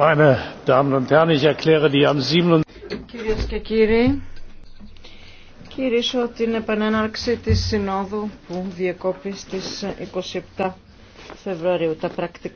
Meine Κυρίες και κύριοι, κηρύσω την επανέναρξη της Συνόδου που διεκόπη στις 27 Φεβρουαρίου. Τα πρακτικά